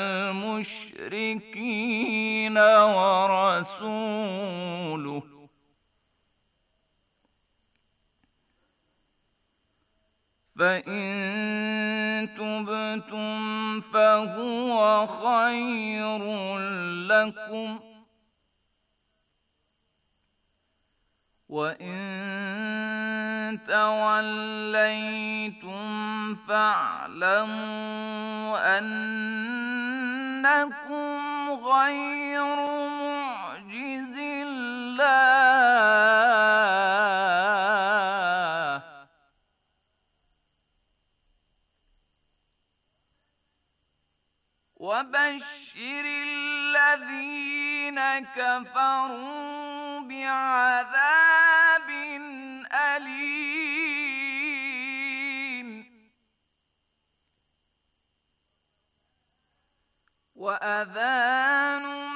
المشركين ورسوله فإن تبتم فهو خير لكم وإن توليتم فاعلموا أن غير معجز الله وبشر الذين كفروا بعذاب وأذان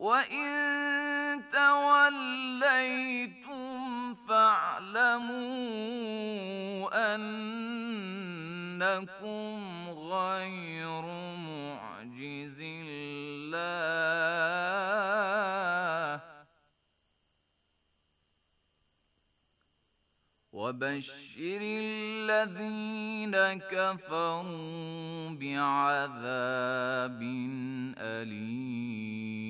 وإن توليتم فاعلموا أنكم غير الله وبشر الذين كفروا بعذاب أليم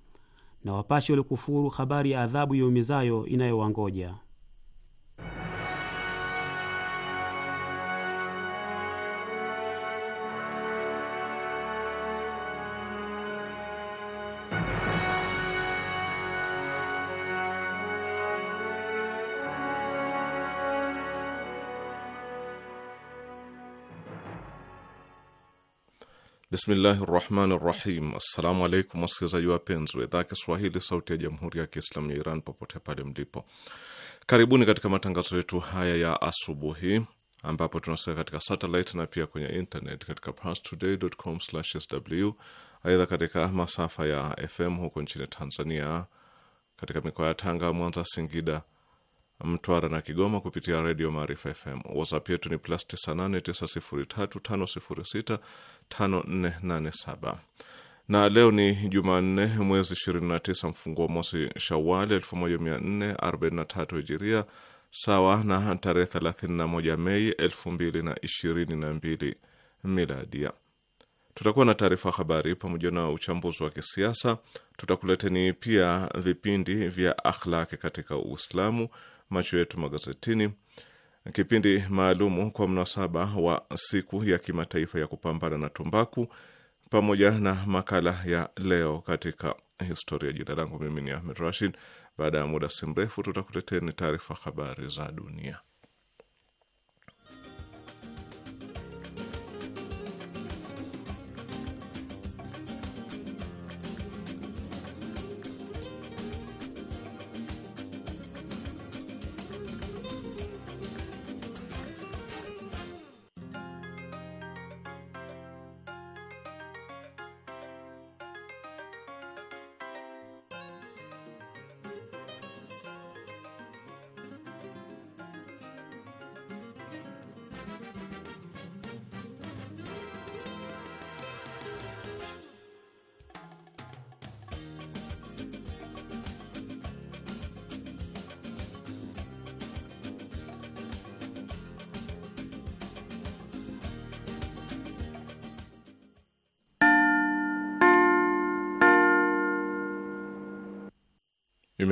na wapashi walikufuru habari ya adhabu yaumizayo inayowangoja. Bismillahi rahmani rahim. Assalamu alaikum wasikilizaji wapenzi wa idhaa Kiswahili sauti ya jamhuri ya Kiislamu ya Iran popote pale mlipo, karibuni katika matangazo yetu haya ya asubuhi ambapo tunasika katika satellite na pia kwenye internet katika parstoday.com/sw. Aidha, katika masafa ya FM huko nchini Tanzania katika mikoa ya Tanga, Mwanza, Singida Mtwara na Kigoma kupitia redio Maarifa FM. WhatsApp yetu ni plus 989035065487 na leo ni Jumanne, mwezi 29 mfunguo mosi Shawali 1443 Hijiria, sawa na tarehe 31 Mei 2022 Miladia. Tutakuwa na taarifa habari pamoja na uchambuzi wa kisiasa. Tutakuleteni pia vipindi vya akhlaki katika Uislamu macho yetu magazetini, kipindi maalumu kwa mnasaba wa siku ya kimataifa ya kupambana na tumbaku, pamoja na makala ya leo katika historia. Jina langu mimi ni Ahmed Rashid. Baada ya muda si mrefu, tutakuleteeni taarifa habari za dunia.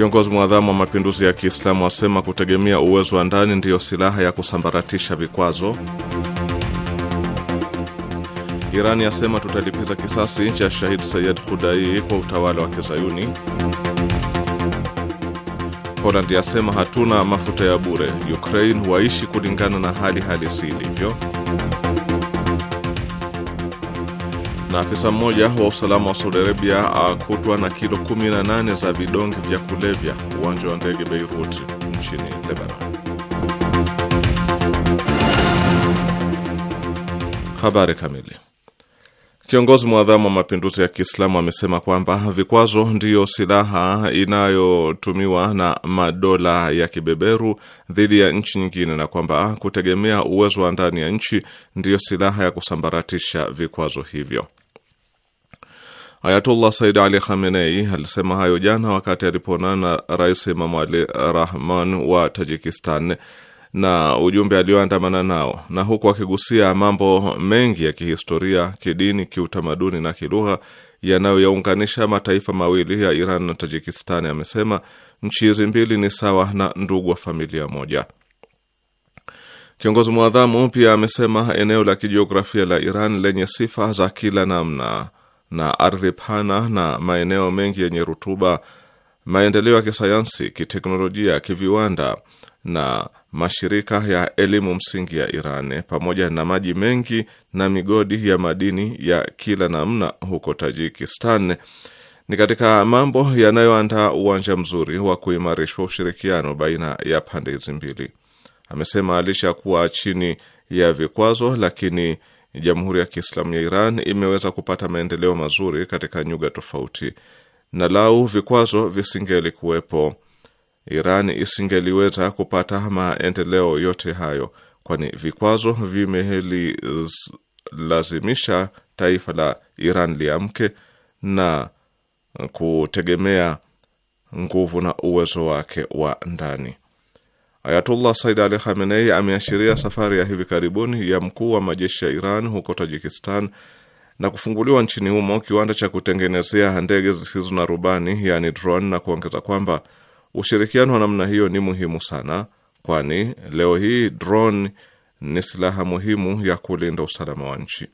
Kiongozi mwadhamu wa mapinduzi ya Kiislamu asema kutegemea uwezo wa ndani ndiyo silaha ya kusambaratisha vikwazo. Irani yasema tutalipiza kisasi cha Shahid Sayed Khudai kwa utawala wa Kizayuni. Poland yasema hatuna mafuta ya bure. Ukraine waishi kulingana na hali halisi ilivyo na afisa mmoja wa usalama wa Saudi Arabia akutwa ah, na kilo 18 za vidonge vya kulevya uwanja wa ndege Beirut nchini Lebanon. Habari kamili. Kiongozi mwadhamu wa mapinduzi ya Kiislamu amesema kwamba vikwazo ndiyo silaha inayotumiwa na madola ya kibeberu dhidi ya nchi nyingine na kwamba kutegemea uwezo wa ndani ya nchi ndiyo silaha ya kusambaratisha vikwazo hivyo. Ayatullah Said Ali Khamenei alisema hayo jana wakati alipoonana na Rais Ali Rahman wa Tajikistan na ujumbe alioandamana nao, na huku akigusia mambo mengi ya kihistoria, kidini, kiutamaduni na kilugha yanayoyaunganisha mataifa mawili ya Iran na Tajikistan, amesema nchi hizi mbili ni sawa na ndugu wa familia moja. Kiongozi mwadhamu pia amesema eneo la kijiografia la Iran lenye sifa za kila namna na ardhi pana na maeneo mengi yenye rutuba, maendeleo ya kisayansi, kiteknolojia, kiviwanda na mashirika ya elimu msingi ya Iran pamoja na maji mengi na migodi ya madini ya kila namna huko Tajikistan ni katika mambo yanayoandaa uwanja mzuri wa kuimarishwa ushirikiano baina ya pande hizi mbili. Amesema alisha kuwa chini ya vikwazo, lakini Jamhuri ya Kiislamu ya Iran imeweza kupata maendeleo mazuri katika nyuga tofauti, na lau vikwazo visingelikuwepo, Iran isingeliweza kupata maendeleo yote hayo, kwani vikwazo vimelilazimisha taifa la Iran liamke na kutegemea nguvu na uwezo wake wa ndani. Ayatullah Said Ali Khamenei ameashiria safari ya hivi karibuni ya mkuu wa majeshi ya Iran huko Tajikistan na kufunguliwa nchini humo kiwanda cha kutengenezea ndege zisizo na rubani yani drone, na kuongeza kwamba ushirikiano wa namna hiyo ni muhimu sana, kwani leo hii drone ni silaha muhimu ya kulinda usalama wa nchi.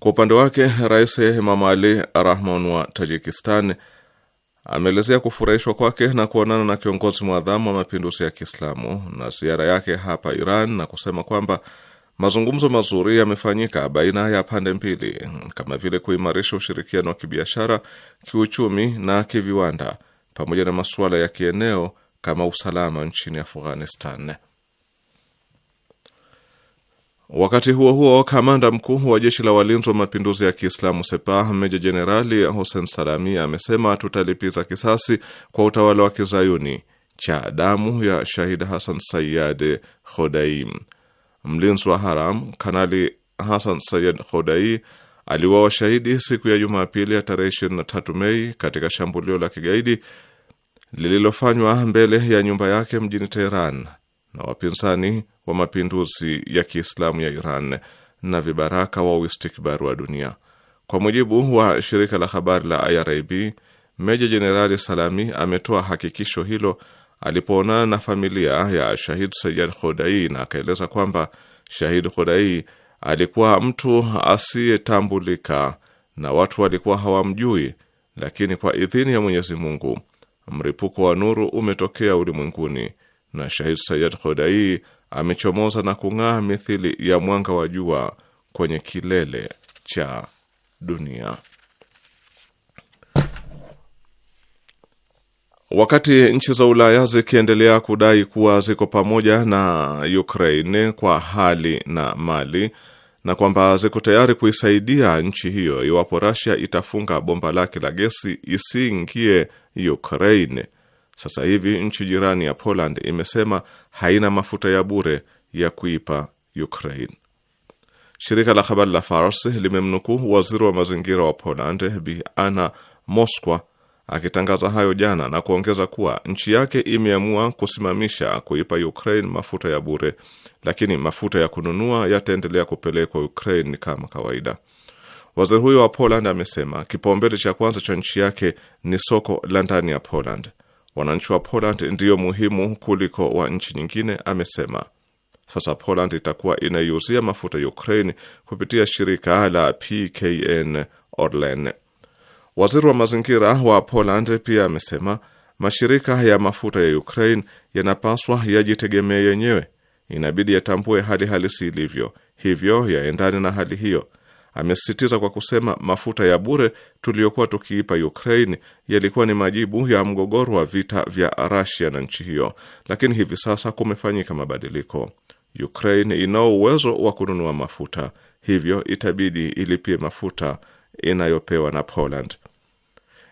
Kwa upande wake, Rais Imam Ali Rahmon wa Tajikistan ameelezea kufurahishwa kwake na kuonana na kiongozi mwadhamu wa mapinduzi ya Kiislamu na ziara yake hapa Iran na kusema kwamba mazungumzo mazuri yamefanyika baina ya pande mbili kama vile kuimarisha ushirikiano wa kibiashara, kiuchumi na kiviwanda pamoja na masuala ya kieneo kama usalama nchini Afghanistan. Wakati huo huo, kamanda mkuu wa jeshi la walinzi wa mapinduzi ya Kiislamu Sepah, meja jenerali Hussein Salami amesema tutalipiza kisasi kwa utawala wa kizayuni cha damu ya shahid Hassan Sayyad Khodaim. Mlinzi wa haram Kanali Hassan Sayyad Khodai aliuawa shahidi siku ya Jumapili ya tarehe 23 Mei katika shambulio la kigaidi lililofanywa mbele ya nyumba yake mjini Teheran na wapinzani wa mapinduzi ya Kiislamu ya Iran na vibaraka wa uistikbari wa dunia. Kwa mujibu wa shirika la habari la IRIB, Meja Jenerali Salami ametoa hakikisho hilo alipoonana na familia ya Shahid Sayyad Khodai na akaeleza kwamba Shahid Khodai alikuwa mtu asiyetambulika na watu walikuwa hawamjui, lakini kwa idhini ya Mwenyezi Mungu mripuko wa nuru umetokea ulimwenguni na Shahid Sayyad Khodai amechomoza na kung'aa mithili ya mwanga wa jua kwenye kilele cha dunia. Wakati nchi za Ulaya zikiendelea kudai kuwa ziko pamoja na Ukraine kwa hali na mali na kwamba ziko tayari kuisaidia nchi hiyo iwapo Russia itafunga bomba lake la gesi isiingie Ukraine. Sasa hivi nchi jirani ya Poland imesema haina mafuta ya bure ya kuipa Ukraine. Shirika la habari la Fars limemnukuu waziri wa mazingira wa Poland Bi Anna Moskwa akitangaza hayo jana na kuongeza kuwa nchi yake imeamua kusimamisha kuipa Ukraine mafuta ya bure, lakini mafuta ya kununua yataendelea kupelekwa Ukraine kama kawaida. Waziri huyo wa Poland amesema kipaumbele cha kwanza cha nchi yake ni soko la ndani ya Poland wananchi wa Poland ndiyo muhimu kuliko wa nchi nyingine, amesema. Sasa Poland itakuwa inaiuzia mafuta Ukraine kupitia shirika la PKN Orlen. Waziri wa mazingira wa Poland pia amesema mashirika ya mafuta ya Ukraine yanapaswa yajitegemee yenyewe, inabidi yatambue hali halisi ilivyo, hivyo yaendane na hali hiyo. Amesisitiza kwa kusema mafuta ya bure tuliyokuwa tukiipa Ukraine yalikuwa ni majibu ya mgogoro wa vita vya Russia na nchi hiyo, lakini hivi sasa kumefanyika mabadiliko. Ukraine inao uwezo wa kununua mafuta, hivyo itabidi ilipie mafuta inayopewa na Poland.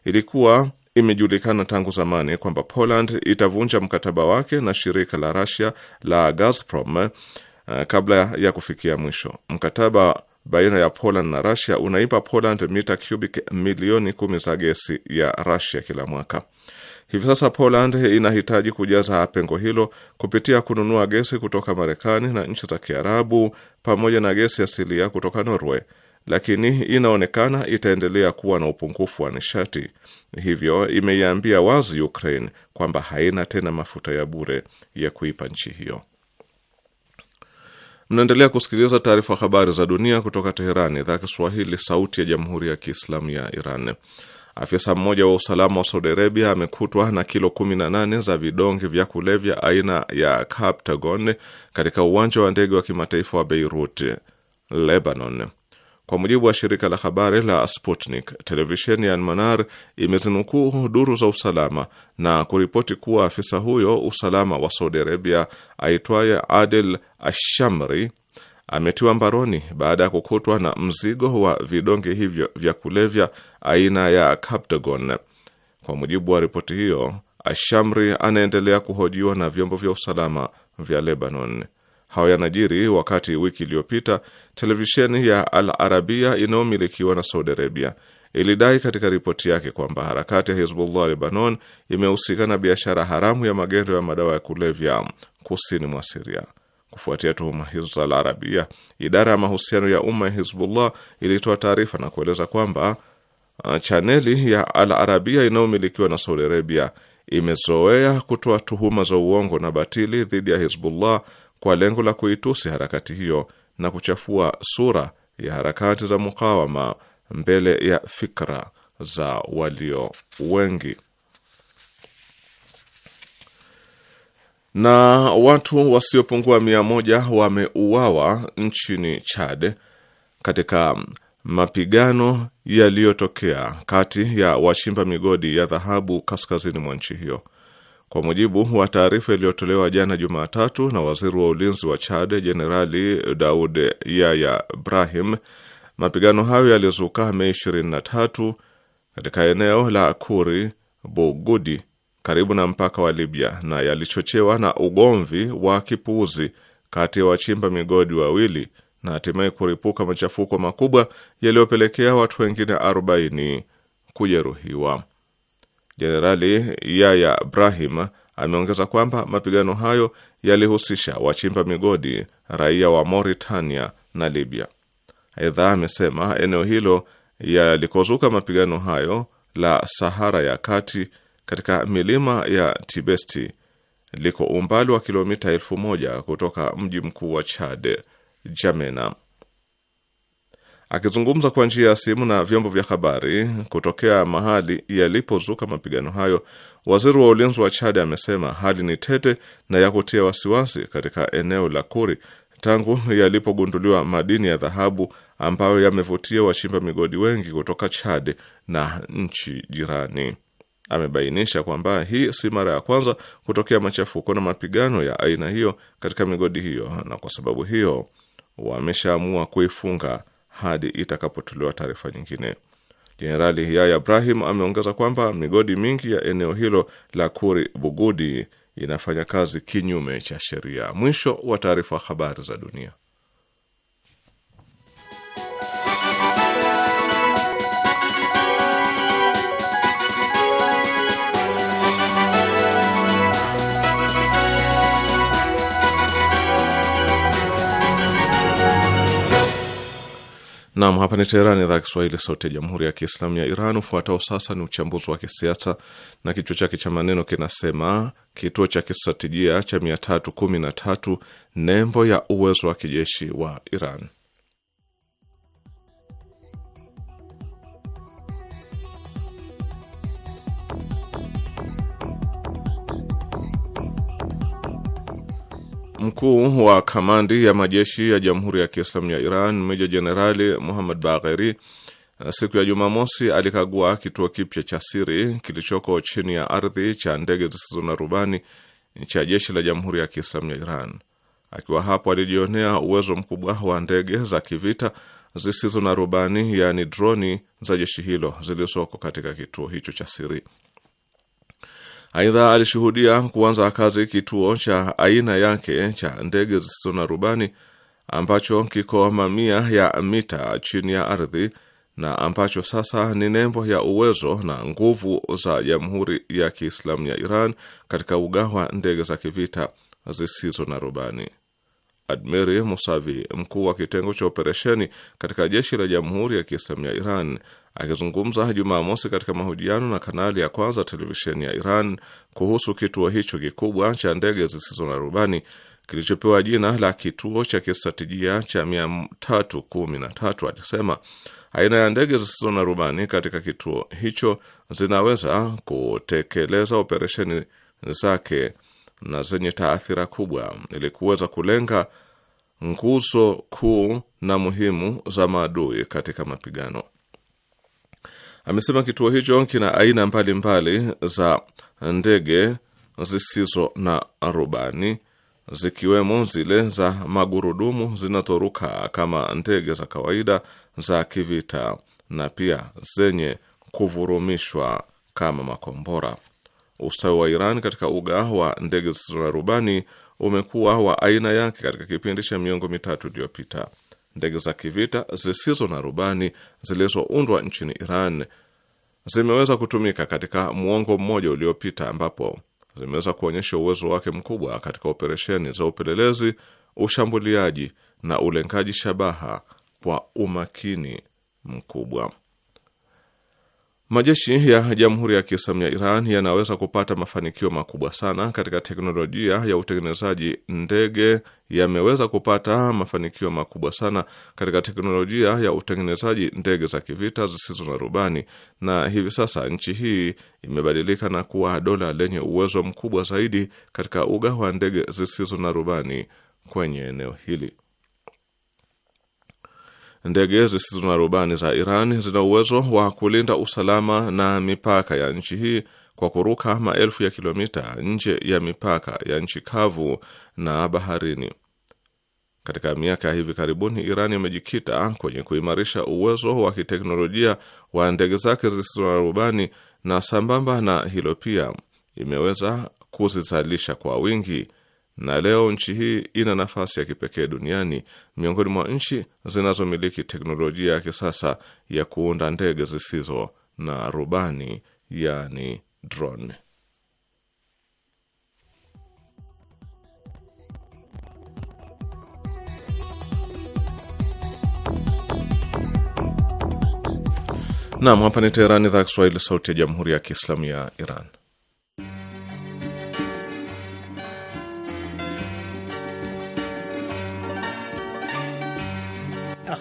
Ilikuwa imejulikana tangu zamani kwamba Poland itavunja mkataba wake na shirika la Russia la Gazprom eh, kabla ya kufikia mwisho. Mkataba baina ya Poland na Russia unaipa Poland mita cubic milioni kumi za gesi ya Russia kila mwaka. Hivi sasa Poland inahitaji kujaza pengo hilo kupitia kununua gesi kutoka Marekani na nchi za Kiarabu pamoja na gesi asilia kutoka Norway, lakini inaonekana itaendelea kuwa na upungufu wa nishati. Hivyo imeiambia wazi Ukraine kwamba haina tena mafuta ya bure ya kuipa nchi hiyo. Mnaendelea kusikiliza taarifa habari za dunia kutoka Teherani, idhaa Kiswahili, sauti ya jamhuri ya kiislamu ya Iran. Afisa mmoja wa usalama wa Saudi Arabia amekutwa na kilo 18 za vidonge vya kulevya aina ya Captagon katika uwanja wa ndege wa kimataifa wa Beirut, Lebanon. Kwa mujibu wa shirika la habari la Sputnik, televisheni ya Almanar imezinukuu duru za usalama na kuripoti kuwa afisa huyo usalama wa Saudi Arabia aitwaye Adel Ashamri ametiwa mbaroni baada ya kukutwa na mzigo wa vidonge hivyo vya kulevya aina ya Captagon. Kwa mujibu wa ripoti hiyo, Ashamri anaendelea kuhojiwa na vyombo vya usalama vya Lebanon. Hayo yanajiri wakati wiki iliyopita televisheni ya Al Arabia inayomilikiwa na Saudi Arabia ilidai katika ripoti yake kwamba harakati ya Hizbullah Lebanon imehusika na biashara haramu ya magendo ya madawa ya kulevya kusini mwa Siria. Kufuatia tuhuma hizo za Al Arabia, idara ya mahusiano ya umma ya Hizbullah ilitoa taarifa na kueleza kwamba uh, chaneli ya Al Arabia inayomilikiwa na Saudi Arabia imezoea kutoa tuhuma za uongo na batili dhidi ya Hizbullah kwa lengo la kuitusi harakati hiyo na kuchafua sura ya harakati za mukawama mbele ya fikra za walio wengi. Na watu wasiopungua mia moja wameuawa nchini Chad katika mapigano yaliyotokea kati ya wachimba migodi ya dhahabu kaskazini mwa nchi hiyo. Kwa mujibu wa taarifa iliyotolewa jana Jumatatu na waziri wa ulinzi wa Chad, Jenerali Daud Yaya Brahim, mapigano hayo yalizuka Mei 23 katika eneo la Kuri Bugudi karibu na mpaka wa Libya na yalichochewa na ugomvi wa kipuuzi kati ya wachimba migodi wawili na hatimaye kuripuka machafuko makubwa yaliyopelekea watu wengine 40 kujeruhiwa. Jenerali Yaya Brahim ameongeza kwamba mapigano hayo yalihusisha wachimba migodi, raia wa Mauritania na Libya. Aidha amesema eneo hilo yalikozuka mapigano hayo la Sahara ya Kati katika milima ya Tibesti liko umbali wa kilomita elfu moja kutoka mji mkuu wa Chad, Jamena. Akizungumza kwa njia ya simu na vyombo vya habari kutokea mahali yalipozuka mapigano hayo, waziri wa ulinzi wa Chad amesema hali ni tete na ya kutia wasiwasi katika eneo la Kuri tangu yalipogunduliwa madini ya dhahabu ambayo yamevutia wachimba migodi wengi kutoka Chad na nchi jirani. Amebainisha kwamba hii si mara ya kwanza kutokea machafuko na mapigano ya aina hiyo katika migodi hiyo, na kwa sababu hiyo wameshaamua kuifunga hadi itakapotolewa taarifa nyingine. Jenerali yaya Ibrahim ameongeza kwamba migodi mingi ya eneo hilo la Kuri Bugudi inafanya kazi kinyume cha sheria. Mwisho wa taarifa. Habari za dunia. Nam, hapa ni Teherani, idhaa ya Kiswahili, sauti ya jamhuri ya kiislamu ya Iran. Ufuatao sasa ni uchambuzi wa kisiasa na kichwa chake cha maneno kinasema: kituo cha kistratejia cha 313 nembo ya uwezo wa kijeshi wa Iran. Mkuu wa kamandi ya majeshi ya Jamhuri ya Kiislamu ya Iran Meja Jenerali Muhammad Bagheri siku ya Jumamosi alikagua kituo kipya cha siri kilichoko chini ya ardhi cha ndege zisizo na rubani cha jeshi la Jamhuri ya Kiislamu ya Iran. Akiwa hapo, alijionea uwezo mkubwa wa ndege za kivita zisizo na rubani, yaani droni za jeshi hilo zilizoko katika kituo hicho cha siri. Aidha, alishuhudia kuanza kazi kituo cha aina yake cha ndege zisizo na rubani ambacho kiko mamia ya mita chini ya ardhi na ambacho sasa ni nembo ya uwezo na nguvu za Jamhuri ya Kiislamu ya Iran katika uga wa ndege za kivita zisizo na rubani. Admiri Musavi, mkuu wa kitengo cha operesheni katika jeshi la Jamhuri ya Kiislamu ya Iran, akizungumza Jumamosi katika mahojiano na kanali ya kwanza televisheni ya Iran kuhusu kituo hicho kikubwa cha ndege zisizo na rubani kilichopewa jina la kituo cha kistratejia cha 313 alisema aina ya ndege zisizo na rubani katika kituo hicho zinaweza kutekeleza operesheni zake na zenye taathira kubwa ili kuweza kulenga nguzo kuu na muhimu za maadui katika mapigano. Amesema kituo hicho kina aina mbalimbali mbali za ndege zisizo na rubani zikiwemo zile za magurudumu zinazoruka kama ndege za kawaida za kivita na pia zenye kuvurumishwa kama makombora. Ustawi wa Iran katika uga wa ndege zisizo na rubani umekuwa wa aina yake katika kipindi cha miongo mitatu iliyopita. Ndege za kivita zisizo na rubani zilizoundwa nchini Iran zimeweza kutumika katika muongo mmoja uliopita, ambapo zimeweza kuonyesha uwezo wake mkubwa katika operesheni za upelelezi, ushambuliaji na ulengaji shabaha kwa umakini mkubwa. Majeshi ya Jamhuri ya Kiislamu ya Iran yanaweza kupata mafanikio makubwa sana katika teknolojia ya utengenezaji ndege, yameweza kupata mafanikio makubwa sana katika teknolojia ya utengenezaji ndege za kivita zisizo na rubani, na hivi sasa nchi hii imebadilika na kuwa dola lenye uwezo mkubwa zaidi katika uga wa ndege zisizo na rubani kwenye eneo hili. Ndege zisizo na rubani za Iran zina uwezo wa kulinda usalama na mipaka ya nchi hii kwa kuruka maelfu ya kilomita nje ya mipaka ya nchi kavu na baharini. Katika miaka ya hivi karibuni, Iran imejikita kwenye kuimarisha uwezo wa kiteknolojia wa ndege zake zisizo na rubani, na sambamba na hilo pia imeweza kuzizalisha kwa wingi na leo nchi hii ina nafasi ya kipekee duniani miongoni mwa nchi zinazomiliki teknolojia ya kisasa ya kuunda ndege zisizo na rubani, yani drone. Nam, hapa ni Teherani, idhaa ya Kiswahili, sauti ya jamhuri ya kiislamu ya Iran.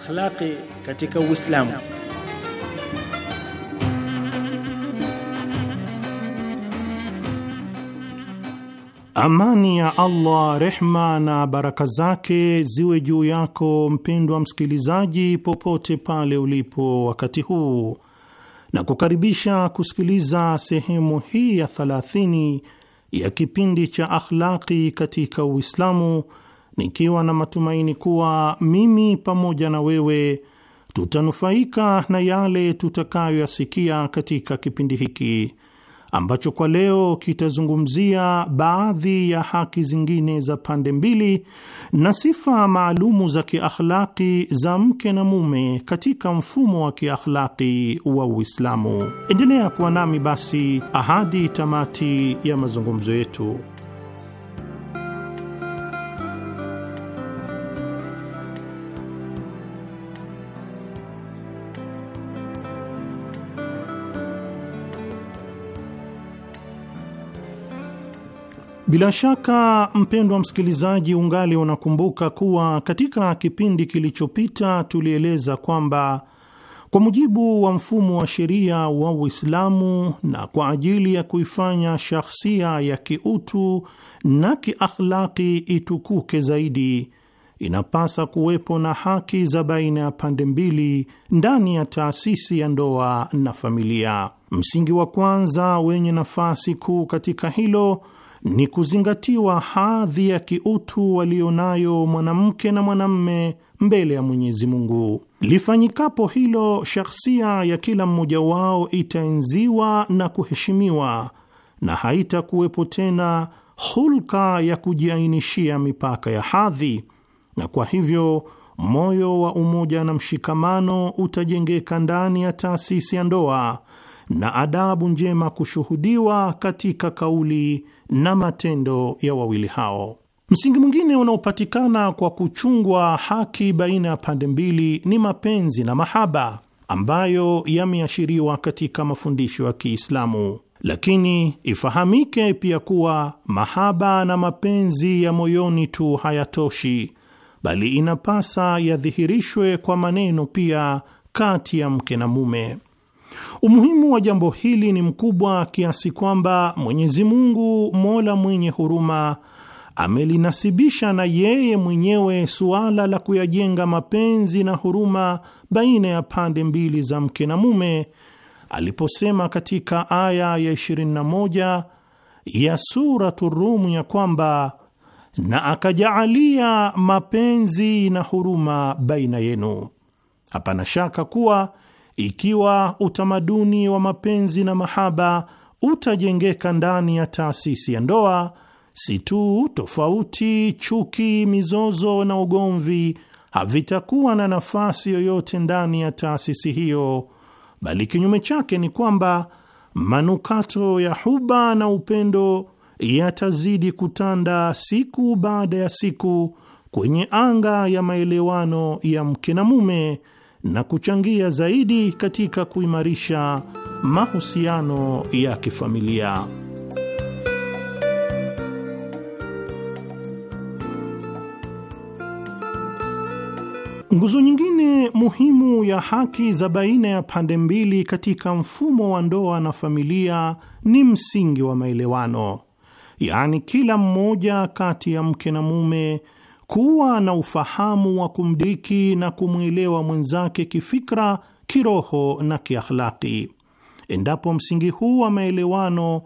akhlaqi katika Uislamu. Amani ya Allah, rehma na baraka zake ziwe juu yako mpendwa msikilizaji, popote pale ulipo wakati huu, na kukaribisha kusikiliza sehemu hii ya 30 ya kipindi cha akhlaqi katika Uislamu nikiwa na matumaini kuwa mimi pamoja na wewe tutanufaika na yale tutakayoyasikia katika kipindi hiki ambacho kwa leo kitazungumzia baadhi ya haki zingine za pande mbili na sifa maalumu za kiakhlaki za mke na mume katika mfumo wa kiakhlaki wa Uislamu. Endelea kuwa nami basi ahadi tamati ya mazungumzo yetu. Bila shaka mpendwa msikilizaji, ungali unakumbuka kuwa katika kipindi kilichopita tulieleza kwamba kwa mujibu wa mfumo wa sheria wa Uislamu na kwa ajili ya kuifanya shahsia ya kiutu na kiakhlaki itukuke zaidi, inapasa kuwepo na haki za baina ya pande mbili ndani ya taasisi ya ndoa na familia. Msingi wa kwanza wenye nafasi kuu katika hilo ni kuzingatiwa hadhi ya kiutu walionayo mwanamke na mwanamme mbele ya Mwenyezi Mungu. Lifanyikapo hilo, shakhsia ya kila mmoja wao itaenziwa na kuheshimiwa na haitakuwepo tena hulka ya kujiainishia mipaka ya hadhi, na kwa hivyo moyo wa umoja na mshikamano utajengeka ndani ya taasisi ya ndoa na adabu njema kushuhudiwa katika kauli na matendo ya wawili hao. Msingi mwingine unaopatikana kwa kuchungwa haki baina ya pande mbili ni mapenzi na mahaba ambayo yameashiriwa katika mafundisho ya Kiislamu. Lakini ifahamike pia kuwa mahaba na mapenzi ya moyoni tu hayatoshi, bali inapasa yadhihirishwe kwa maneno pia kati ya mke na mume. Umuhimu wa jambo hili ni mkubwa kiasi kwamba Mwenyezi Mungu Mola mwenye huruma amelinasibisha na yeye mwenyewe suala la kuyajenga mapenzi na huruma baina ya pande mbili za mke na mume aliposema katika aya ya 21 ya Suratu Rumu ya kwamba na akajaalia mapenzi na huruma baina yenu. Hapana shaka kuwa ikiwa utamaduni wa mapenzi na mahaba utajengeka ndani ya taasisi ya ndoa, si tu tofauti, chuki, mizozo na ugomvi havitakuwa na nafasi yoyote ndani ya taasisi hiyo, bali kinyume chake ni kwamba manukato ya huba na upendo yatazidi kutanda siku baada ya siku kwenye anga ya maelewano ya mke na mume na kuchangia zaidi katika kuimarisha mahusiano ya kifamilia. Nguzo nyingine muhimu ya haki za baina ya pande mbili katika mfumo wa ndoa na familia ni msingi wa maelewano, yaani kila mmoja kati ya mke na mume kuwa na ufahamu wa kumdiki na kumwelewa mwenzake kifikra, kiroho na kiakhlaki. Endapo msingi huu wa maelewano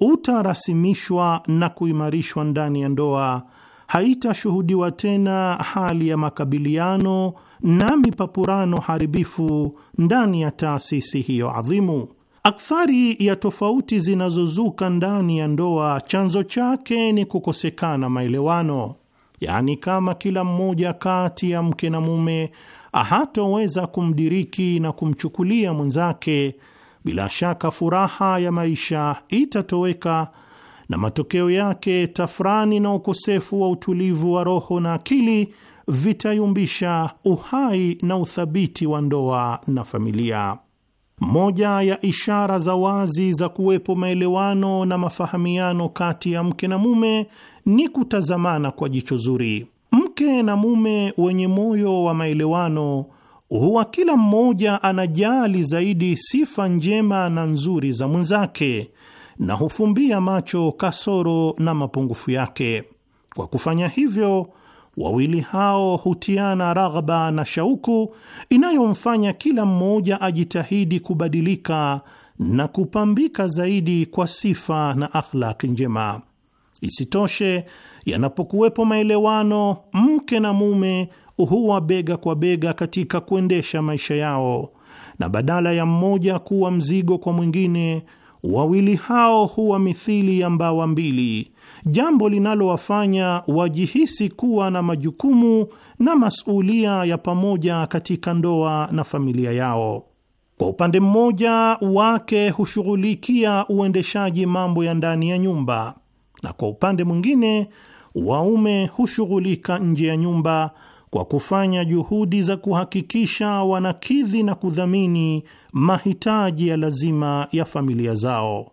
utarasimishwa na kuimarishwa ndani ya ndoa, haitashuhudiwa tena hali ya makabiliano na mipapurano haribifu ndani ya taasisi hiyo adhimu. Akthari ya tofauti zinazozuka ndani ya ndoa, chanzo chake ni kukosekana maelewano yaani kama kila mmoja kati ya mke na mume hatoweza kumdiriki na kumchukulia mwenzake, bila shaka furaha ya maisha itatoweka na matokeo yake tafrani na ukosefu wa utulivu wa roho na akili vitayumbisha uhai na uthabiti wa ndoa na familia. Moja ya ishara za wazi za kuwepo maelewano na mafahamiano kati ya mke na mume ni kutazamana kwa jicho zuri. Mke na mume wenye moyo wa maelewano huwa kila mmoja anajali zaidi sifa njema na nzuri za mwenzake na hufumbia macho kasoro na mapungufu yake. Kwa kufanya hivyo Wawili hao hutiana raghaba na shauku inayomfanya kila mmoja ajitahidi kubadilika na kupambika zaidi kwa sifa na akhlaki njema. Isitoshe, yanapokuwepo maelewano, mke na mume huwa bega kwa bega katika kuendesha maisha yao, na badala ya mmoja kuwa mzigo kwa mwingine Wawili hao huwa mithili ya mbawa mbili, jambo linalowafanya wajihisi kuwa na majukumu na masulia ya pamoja katika ndoa na familia yao. Kwa upande mmoja, wake hushughulikia uendeshaji mambo ya ndani ya nyumba, na kwa upande mwingine, waume hushughulika nje ya nyumba kwa kufanya juhudi za kuhakikisha wanakidhi na kudhamini mahitaji ya lazima ya familia zao,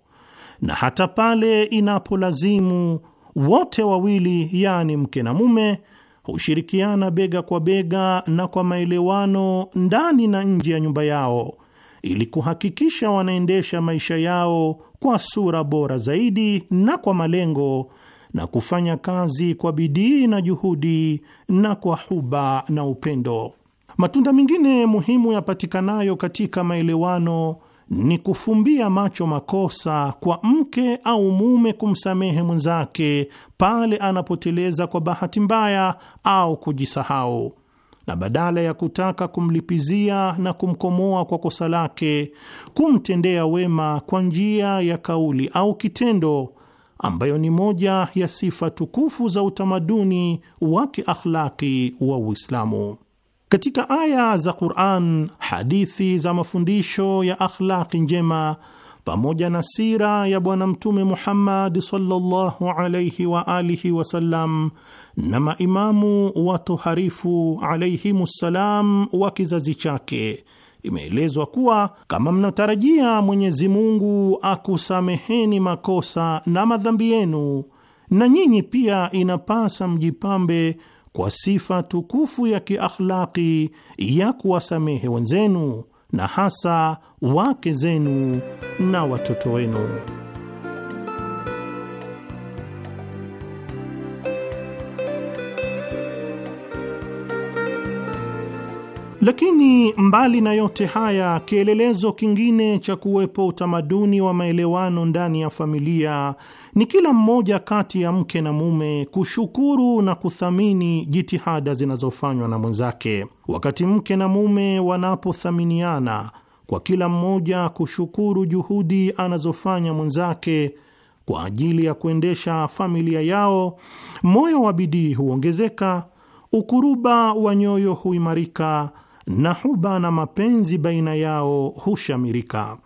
na hata pale inapolazimu, wote wawili, yaani mke na mume, hushirikiana bega kwa bega na kwa maelewano ndani na nje ya nyumba yao ili kuhakikisha wanaendesha maisha yao kwa sura bora zaidi na kwa malengo na kufanya kazi kwa bidii na juhudi na kwa huba na upendo. Matunda mengine muhimu yapatikanayo katika maelewano ni kufumbia macho makosa kwa mke au mume kumsamehe mwenzake pale anapoteleza kwa bahati mbaya au kujisahau, na badala ya kutaka kumlipizia na kumkomoa kwa kosa lake, kumtendea wema kwa njia ya kauli au kitendo, ambayo ni moja ya sifa tukufu za utamaduni wa kiakhlaki wa Uislamu. Katika aya za Qur'an, hadithi za mafundisho ya akhlaqi njema pamoja na sira ya Bwana Mtume Muhammad sallallahu alayhi wa alihi wasallam na maimamu watoharifu alayhimussalam wa kizazi chake imeelezwa kuwa kama mnatarajia Mwenyezi Mungu akusameheni makosa na madhambi yenu, na nyinyi pia inapasa mjipambe kwa sifa tukufu ya kiakhlaki ya kuwasamehe wenzenu na hasa wake zenu na watoto wenu. Lakini mbali na yote haya, kielelezo kingine cha kuwepo utamaduni wa maelewano ndani ya familia ni kila mmoja kati ya mke na mume kushukuru na kuthamini jitihada zinazofanywa na mwenzake. Wakati mke na mume wanapothaminiana kwa kila mmoja kushukuru juhudi anazofanya mwenzake kwa ajili ya kuendesha familia yao, moyo wa bidii huongezeka, ukuruba wa nyoyo huimarika, na huba na mapenzi baina yao hushamirika.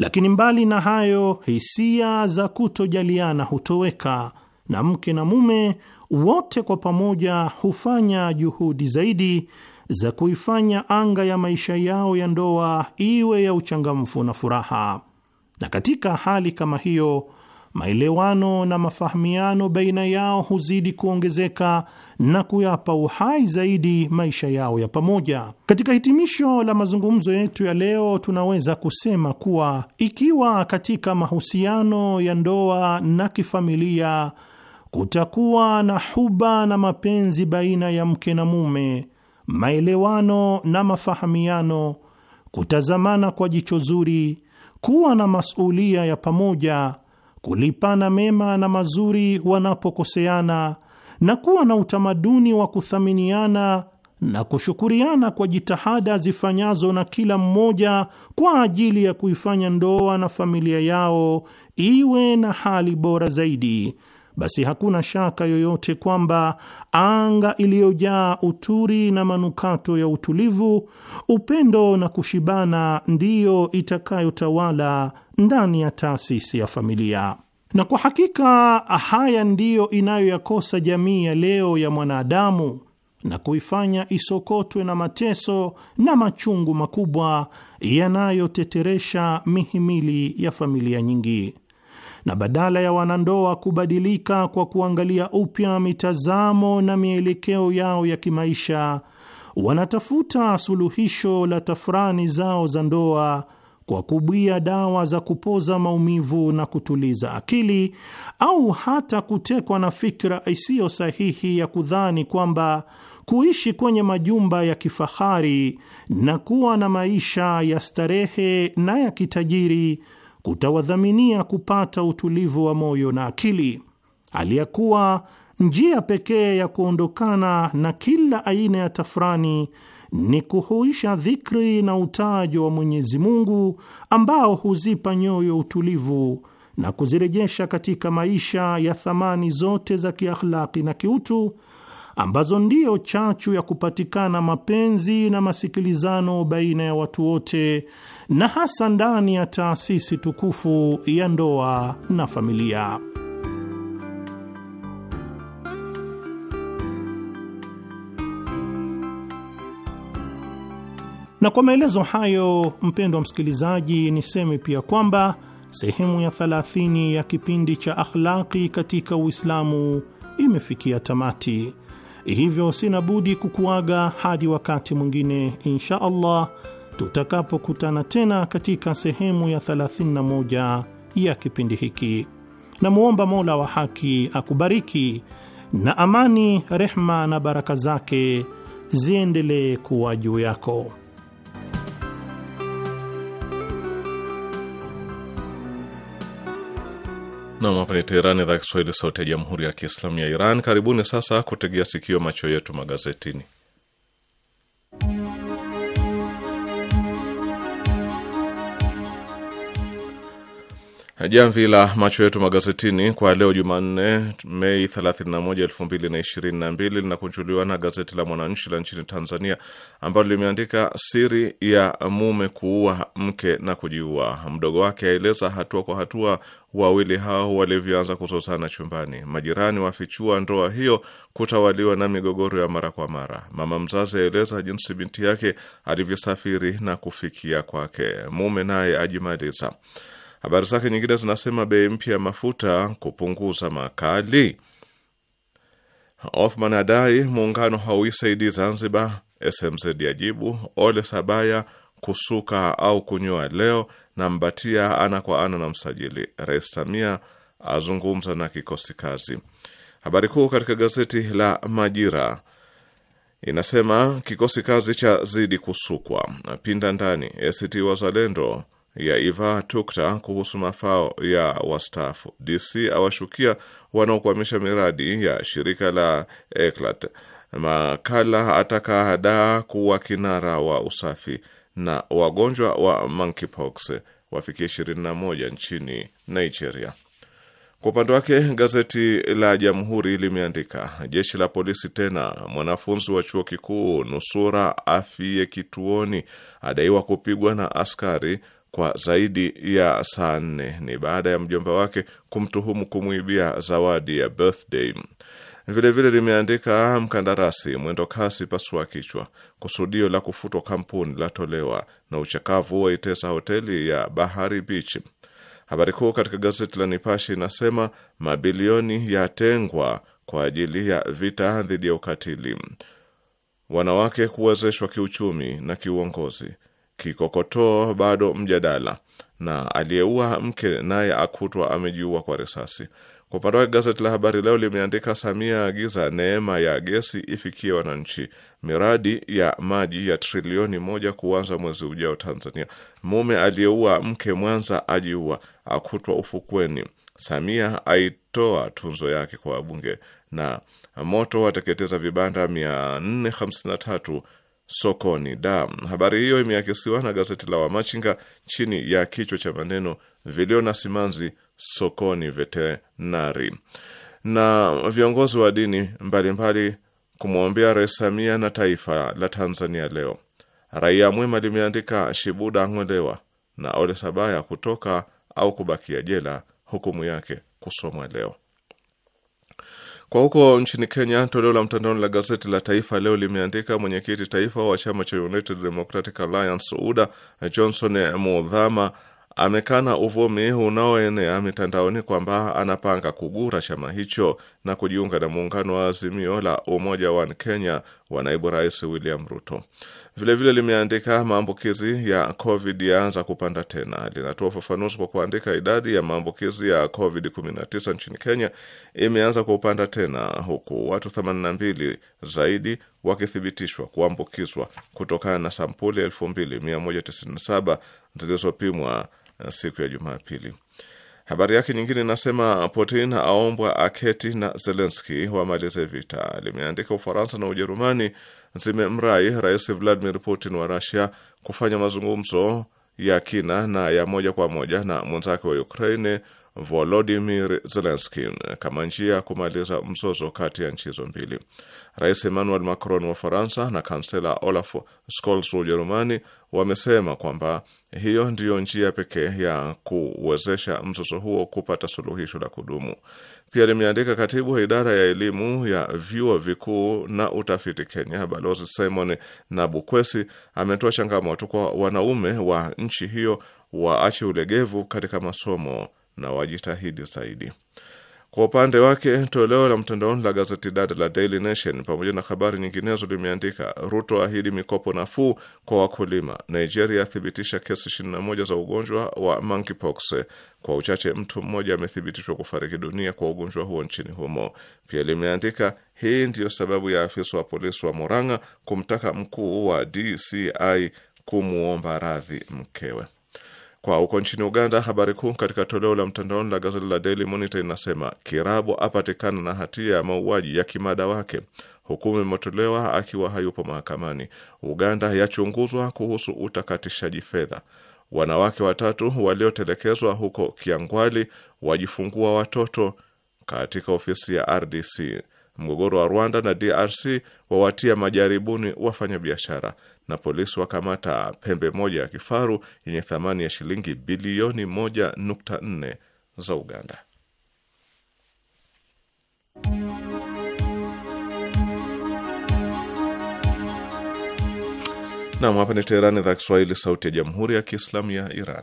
Lakini mbali na hayo, hisia za kutojaliana hutoweka na mke na mume wote kwa pamoja hufanya juhudi zaidi za kuifanya anga ya maisha yao ya ndoa iwe ya uchangamfu na furaha. Na katika hali kama hiyo maelewano na mafahamiano baina yao huzidi kuongezeka na kuyapa uhai zaidi maisha yao ya pamoja. Katika hitimisho la mazungumzo yetu ya leo, tunaweza kusema kuwa ikiwa katika mahusiano ya ndoa na kifamilia kutakuwa na huba na mapenzi baina ya mke na mume, maelewano na mafahamiano, kutazamana kwa jicho zuri, kuwa na masuulia ya pamoja kulipana mema na mazuri wanapokoseana na kuwa na utamaduni wa kuthaminiana na kushukuriana kwa jitihada zifanyazo na kila mmoja kwa ajili ya kuifanya ndoa na familia yao iwe na hali bora zaidi basi hakuna shaka yoyote kwamba anga iliyojaa uturi na manukato ya utulivu, upendo na kushibana ndiyo itakayotawala ndani ya taasisi ya familia. Na kwa hakika haya ndiyo inayoyakosa jamii ya leo ya mwanadamu na kuifanya isokotwe na mateso na machungu makubwa yanayoteteresha mihimili ya familia nyingi na badala ya wanandoa kubadilika kwa kuangalia upya mitazamo na mielekeo yao ya kimaisha, wanatafuta suluhisho la tafrani zao za ndoa kwa kubwia dawa za kupoza maumivu na kutuliza akili, au hata kutekwa na fikra isiyo sahihi ya kudhani kwamba kuishi kwenye majumba ya kifahari na kuwa na maisha ya starehe na ya kitajiri kutawadhaminia kupata utulivu wa moyo na akili, hali ya kuwa njia pekee ya kuondokana na kila aina ya tafrani ni kuhuisha dhikri na utajo wa Mwenyezi Mungu ambao huzipa nyoyo utulivu na kuzirejesha katika maisha ya thamani zote za kiakhlaki na kiutu ambazo ndiyo chachu ya kupatikana mapenzi na masikilizano baina ya watu wote na hasa ndani ya taasisi tukufu ya ndoa na familia. Na kwa maelezo hayo, mpendwa msikilizaji, niseme pia kwamba sehemu ya 30 ya kipindi cha akhlaqi katika Uislamu imefikia tamati. Hivyo sina budi kukuaga hadi wakati mwingine insha Allah tutakapokutana tena katika sehemu ya 31 ya kipindi hiki. Namwomba Mola wa haki akubariki na amani, rehma na baraka zake ziendelee kuwa juu yako. Nam, hapa ni Teherani, idhaa Kiswahili, sauti ya jamhuri ya kiislamu ya Iran. Karibuni sasa kutegea sikio, macho yetu magazetini. Jamvi la macho yetu magazetini kwa leo Jumanne, Mei 31, 2022 linakunjuliwa na gazeti la Mwananchi la nchini Tanzania, ambalo limeandika siri ya mume kuua mke na kujiua, mdogo wake aeleza hatua kwa hatua wawili hao walivyoanza kuzozana chumbani, majirani wafichua ndoa hiyo kutawaliwa na migogoro ya mara kwa mara, mama mzazi aeleza jinsi binti yake alivyosafiri na kufikia kwake, mume naye ajimaliza Habari zake nyingine zinasema bei mpya ya mafuta kupunguza makali. Othman adai muungano hauisaidi Zanzibar. SMZ yajibu. Ole Sabaya kusuka au kunyoa leo, na Mbatia ana kwa ana na msajili. Rais Samia azungumza na kikosi kazi. Habari kuu katika gazeti la Majira inasema kikosi kazi cha zidi kusukwa. Pinda ndani ACT Wazalendo ya Iva Tukta kuhusu mafao ya wastaafu. DC awashukia wanaokwamisha miradi ya shirika la Eklat. Makala ataka daa kuwa kinara wa usafi na wagonjwa wa monkeypox wafikia 21 nchini Nigeria. Kwa upande wake gazeti la Jamhuri limeandika jeshi la polisi tena, mwanafunzi wa chuo kikuu nusura afie kituoni, adaiwa kupigwa na askari kwa zaidi ya saa nne. Ni baada ya mjomba wake kumtuhumu kumwibia zawadi ya birthday. Vilevile limeandika mkandarasi mwendo kasi pasua kichwa, kusudio la kufutwa kampuni latolewa, na uchakavu waitesa hoteli ya Bahari Beach. Habari kuu katika gazeti la Nipashe inasema mabilioni yatengwa kwa ajili ya vita dhidi ya ukatili, wanawake kuwezeshwa kiuchumi na kiuongozi kikokotoo bado mjadala, na aliyeua mke naye akutwa amejiua kwa risasi. Kwa upande wake gazeti la Habari Leo limeandika Samia aagiza neema ya gesi ifikie wananchi, miradi ya maji ya trilioni moja kuanza mwezi ujao Tanzania. Mume aliyeua mke Mwanza ajiua, akutwa ufukweni. Samia aitoa tunzo yake kwa wabunge, na moto wateketeza vibanda 453 sokoni da Habari hiyo imeakisiwa na gazeti la Wamachinga chini ya kichwa cha maneno vilio na simanzi sokoni vetenari, na viongozi wa dini mbalimbali kumwombea Rais Samia na taifa la Tanzania leo. Raia Mwema limeandika Shibuda ang'olewa na Ole Sabaya kutoka au kubakia jela, hukumu yake kusomwa leo. Kwa huko nchini Kenya, toleo la mtandaoni la gazeti la Taifa Leo limeandika mwenyekiti taifa wa chama cha United Democratic Alliance UDA Johnson Muthama amekana uvumi unaoenea mitandaoni kwamba anapanga kugura chama hicho na kujiunga na muungano wa Azimio la Umoja One Kenya wa naibu rais William Ruto. Vilevile limeandika maambukizi ya COVID yaanza kupanda tena. Linatoa ufafanuzi kwa kuandika, idadi ya maambukizi ya COVID-19 nchini Kenya imeanza kupanda tena, huku watu 82 zaidi wakithibitishwa kuambukizwa kutokana na sampuli 2197 zilizopimwa eh, siku ya Jumapili. Habari yake nyingine inasema Putin aombwa aketi na Zelenski wamalize vita. Limeandika Ufaransa na Ujerumani zimemrai Rais Vladimir Putin wa rusia kufanya mazungumzo ya kina na ya moja kwa moja na mwenzake wa Ukraine Volodimir Zelenski kama njia ya kumaliza mzozo kati ya nchi hizo mbili. Rais Emmanuel Macron wa Faransa na kansela Olaf Scholz wa Ujerumani wamesema kwamba hiyo ndiyo njia pekee ya kuwezesha mzozo huo kupata suluhisho la kudumu. Pia limeandika katibu wa idara ya elimu ya vyuo vikuu na utafiti Kenya, Balozi Simon Nabukwesi ametoa changamoto kwa wanaume wa nchi hiyo waache ulegevu katika masomo na wajitahidi zaidi. Kwa upande wake toleo la mtandaoni la gazeti dada la Daily Nation pamoja na habari nyinginezo limeandika Ruto ahidi mikopo nafuu kwa wakulima, Nigeria athibitisha kesi 21 za ugonjwa wa monkeypox, kwa uchache mtu mmoja amethibitishwa kufariki dunia kwa ugonjwa huo nchini humo. Pia limeandika hii ndiyo sababu ya afisa wa polisi wa Murang'a kumtaka mkuu wa DCI kumwomba radhi mkewe. Kwa huko nchini Uganda, habari kuu katika toleo la mtandaoni la gazeti la Daily Monitor inasema Kirabo apatikana na hatia ya mauaji ya kimada wake, hukumu imetolewa akiwa hayupo mahakamani. Uganda yachunguzwa kuhusu utakatishaji fedha. Wanawake watatu waliotelekezwa huko Kiangwali wajifungua watoto katika ofisi ya RDC. Mgogoro wa Rwanda na DRC wawatia majaribuni wafanyabiashara na polisi wakamata pembe moja ya kifaru yenye thamani ya shilingi bilioni 1.4 za Uganda. Nam, hapa ni Teherani, idhaa Kiswahili, sauti ya jamhuri ya kiislamu ya Iran.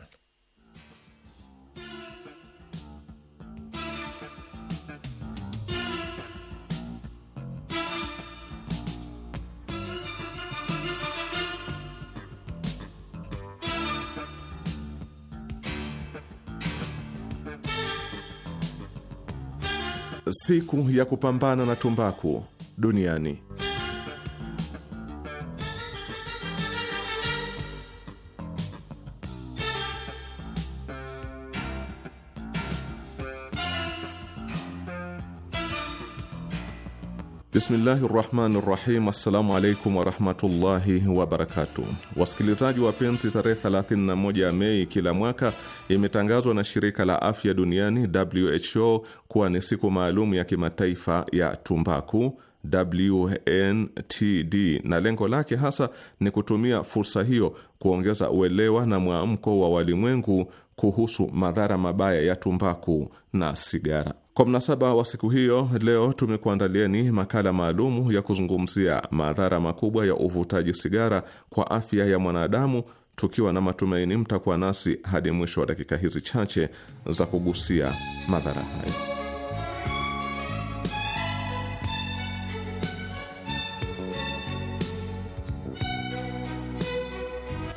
siku ya kupambana na tumbaku duniani. Bismillahi rahmani rahim. Assalamu alaikum warahmatullahi wabarakatu. Wasikilizaji wapenzi, tarehe 31 Mei kila mwaka imetangazwa na shirika la afya duniani WHO kuwa ni siku maalum ya kimataifa ya tumbaku WNTD, na lengo lake hasa ni kutumia fursa hiyo kuongeza uelewa na mwamko wa walimwengu kuhusu madhara mabaya ya tumbaku na sigara. Kwa mnasaba wa siku hiyo, leo tumekuandalieni makala maalumu ya kuzungumzia madhara makubwa ya uvutaji sigara kwa afya ya mwanadamu, tukiwa na matumaini mtakuwa nasi hadi mwisho wa dakika hizi chache za kugusia madhara hayo.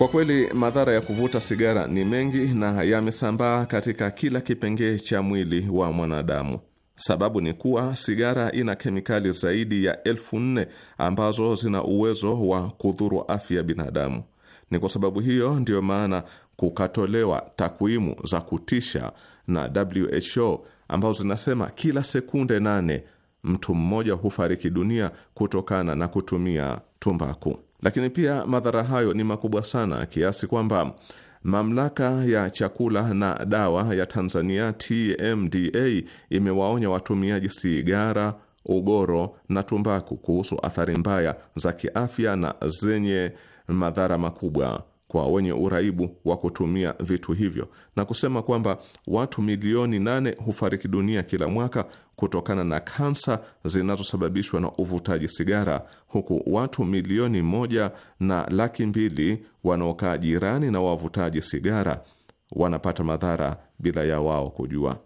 Kwa kweli madhara ya kuvuta sigara ni mengi na yamesambaa katika kila kipengee cha mwili wa mwanadamu. Sababu ni kuwa sigara ina kemikali zaidi ya elfu nne ambazo zina uwezo wa kudhuru afya ya binadamu. Ni kwa sababu hiyo ndiyo maana kukatolewa takwimu za kutisha na WHO ambazo zinasema kila sekunde nane mtu mmoja hufariki dunia kutokana na kutumia tumbaku. Lakini pia madhara hayo ni makubwa sana kiasi kwamba mamlaka ya chakula na dawa ya Tanzania TMDA imewaonya watumiaji sigara, ugoro na tumbaku kuhusu athari mbaya za kiafya na zenye madhara makubwa kwa wenye uraibu wa kutumia vitu hivyo na kusema kwamba watu milioni nane hufariki dunia kila mwaka kutokana na kansa zinazosababishwa na uvutaji sigara, huku watu milioni moja na laki mbili wanaokaa jirani na wavutaji sigara wanapata madhara bila ya wao kujua.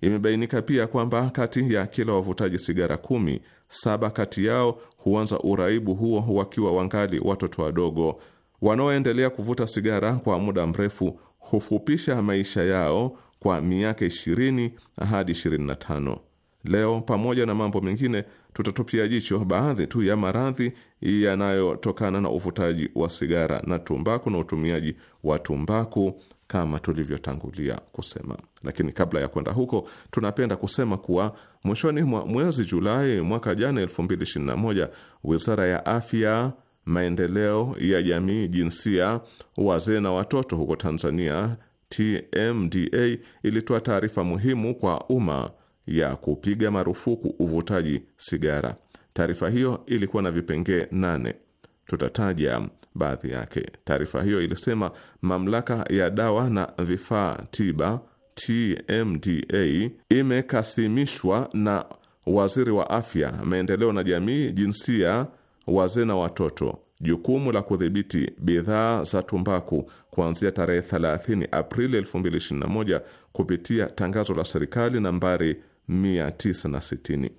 Imebainika pia kwamba kati ya kila wavutaji sigara kumi, saba kati yao huanza uraibu huo wakiwa wangali watoto wadogo Wanaoendelea kuvuta sigara kwa muda mrefu hufupisha maisha yao kwa miaka 20 hadi 25. Leo pamoja na mambo mengine tutatupia jicho baadhi tu ya maradhi yanayotokana na uvutaji wa sigara na tumbaku na utumiaji wa tumbaku kama tulivyotangulia kusema. Lakini kabla ya kwenda huko, tunapenda kusema kuwa mwishoni mwa mwezi Julai mwaka jana 2021, Wizara ya Afya maendeleo ya jamii, jinsia, wazee na watoto huko Tanzania, TMDA ilitoa taarifa muhimu kwa umma ya kupiga marufuku uvutaji sigara. Taarifa hiyo ilikuwa na vipengee nane, tutataja baadhi yake. Taarifa hiyo ilisema mamlaka ya dawa na vifaa tiba TMDA imekasimishwa na waziri wa afya, maendeleo na jamii, jinsia wazee na watoto jukumu la kudhibiti bidhaa za tumbaku kuanzia tarehe 30 Aprili 2021 kupitia tangazo la serikali nambari 960.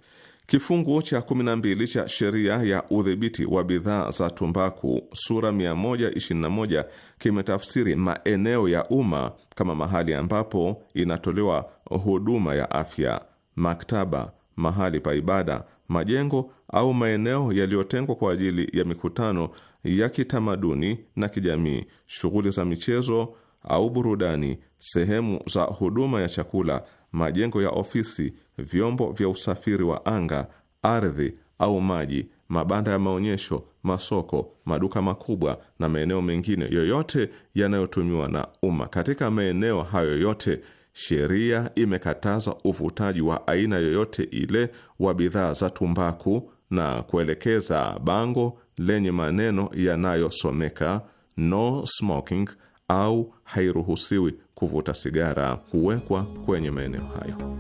Kifungu cha 12 cha sheria ya udhibiti wa bidhaa za tumbaku sura 121 kimetafsiri maeneo ya umma kama mahali ambapo inatolewa huduma ya afya, maktaba, mahali pa ibada, majengo au maeneo yaliyotengwa kwa ajili ya mikutano ya kitamaduni na kijamii, shughuli za michezo au burudani, sehemu za huduma ya chakula, majengo ya ofisi, vyombo vya usafiri wa anga, ardhi au maji, mabanda ya maonyesho, masoko, maduka makubwa na maeneo mengine yoyote yanayotumiwa na umma. Katika maeneo hayo yote, sheria imekataza uvutaji wa aina yoyote ile wa bidhaa za tumbaku na kuelekeza bango lenye maneno yanayosomeka no smoking au hairuhusiwi kuvuta sigara huwekwa kwenye maeneo hayo.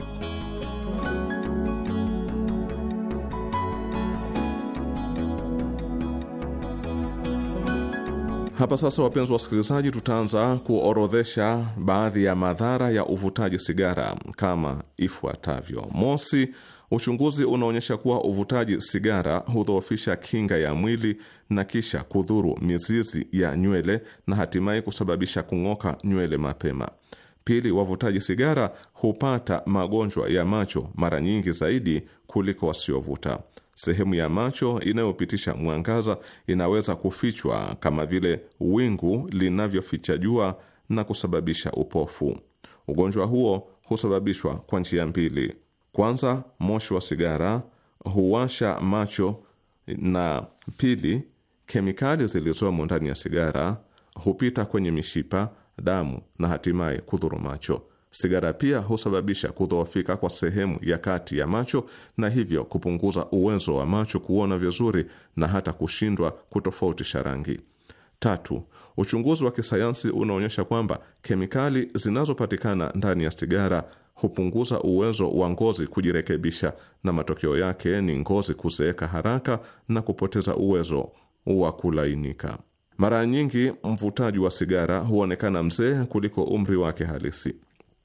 Hapa sasa, wapenzi wasikilizaji, tutaanza kuorodhesha baadhi ya madhara ya uvutaji sigara kama ifuatavyo: mosi, Uchunguzi unaonyesha kuwa uvutaji sigara hudhoofisha kinga ya mwili na kisha kudhuru mizizi ya nywele na hatimaye kusababisha kung'oka nywele mapema. Pili, wavutaji sigara hupata magonjwa ya macho mara nyingi zaidi kuliko wasiovuta. Sehemu ya macho inayopitisha mwangaza inaweza kufichwa kama vile wingu linavyoficha jua na kusababisha upofu. Ugonjwa huo husababishwa kwa njia mbili: kwanza, moshi wa sigara huwasha macho, na pili, kemikali zilizomo ndani ya sigara hupita kwenye mishipa, damu na hatimaye kudhuru macho. Sigara pia husababisha kudhoofika kwa sehemu ya kati ya macho na hivyo kupunguza uwezo wa macho kuona vizuri na hata kushindwa kutofautisha rangi. Tatu, uchunguzi wa kisayansi unaonyesha kwamba kemikali zinazopatikana ndani ya sigara hupunguza uwezo wa ngozi kujirekebisha, na matokeo yake ni ngozi kuzeeka haraka na kupoteza uwezo wa kulainika. Mara nyingi mvutaji wa sigara huonekana mzee kuliko umri wake halisi.